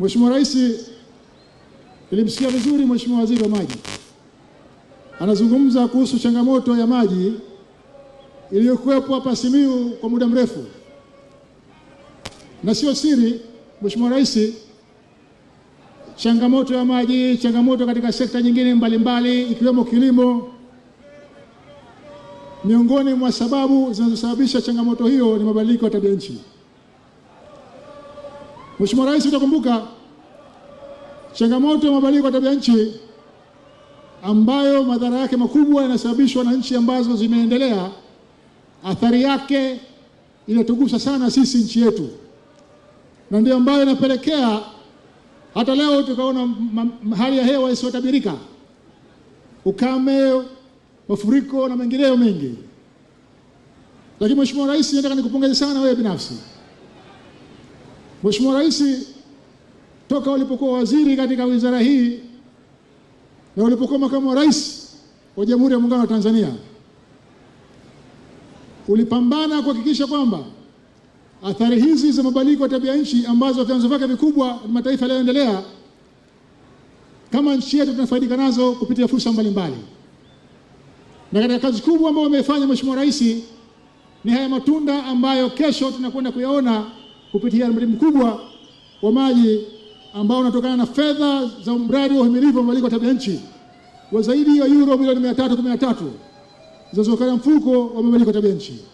Mheshimiwa Rais, nilimsikia vizuri Mheshimiwa Waziri wa Maji anazungumza kuhusu changamoto ya maji iliyokuwepo hapa Simiyu kwa muda mrefu, na sio siri Mheshimiwa Rais, changamoto ya maji, changamoto katika sekta nyingine mbalimbali ikiwemo kilimo. Miongoni mwa sababu zinazosababisha changamoto hiyo ni mabadiliko ya tabia nchi. Mheshimiwa Rais, utakumbuka changamoto ya mabadiliko ya tabia nchi ambayo madhara yake makubwa yanasababishwa na nchi ambazo zimeendelea. Athari yake inatugusa sana sisi nchi yetu, na ndio ambayo inapelekea hata leo tukaona hali ya hewa isiyotabirika, ukame, mafuriko na mengineyo mengi. Lakini Mheshimiwa Rais, nataka nikupongeze sana wewe binafsi Mheshimiwa Rais toka walipokuwa waziri katika wizara hii na walipokuwa makamu wa rais wa Jamhuri ya Muungano wa Tanzania, ulipambana kuhakikisha kwamba athari hizi za mabadiliko ya tabia nchi ambazo vyanzo vyake vikubwa ni mataifa yanayoendelea kama nchi yetu tunafaidika nazo kupitia fursa mbalimbali, na katika kazi kubwa ambayo wamefanya Mheshimiwa Rais ni haya matunda ambayo kesho tunakwenda kuyaona kupitia mradi mkubwa wa maji ambao unatokana na fedha za mradi wa uhimilivu wa mabadiliko ya tabia nchi wa zaidi ya euro milioni 313 zinazotokana mfuko wa mabadiliko ya tabia nchi.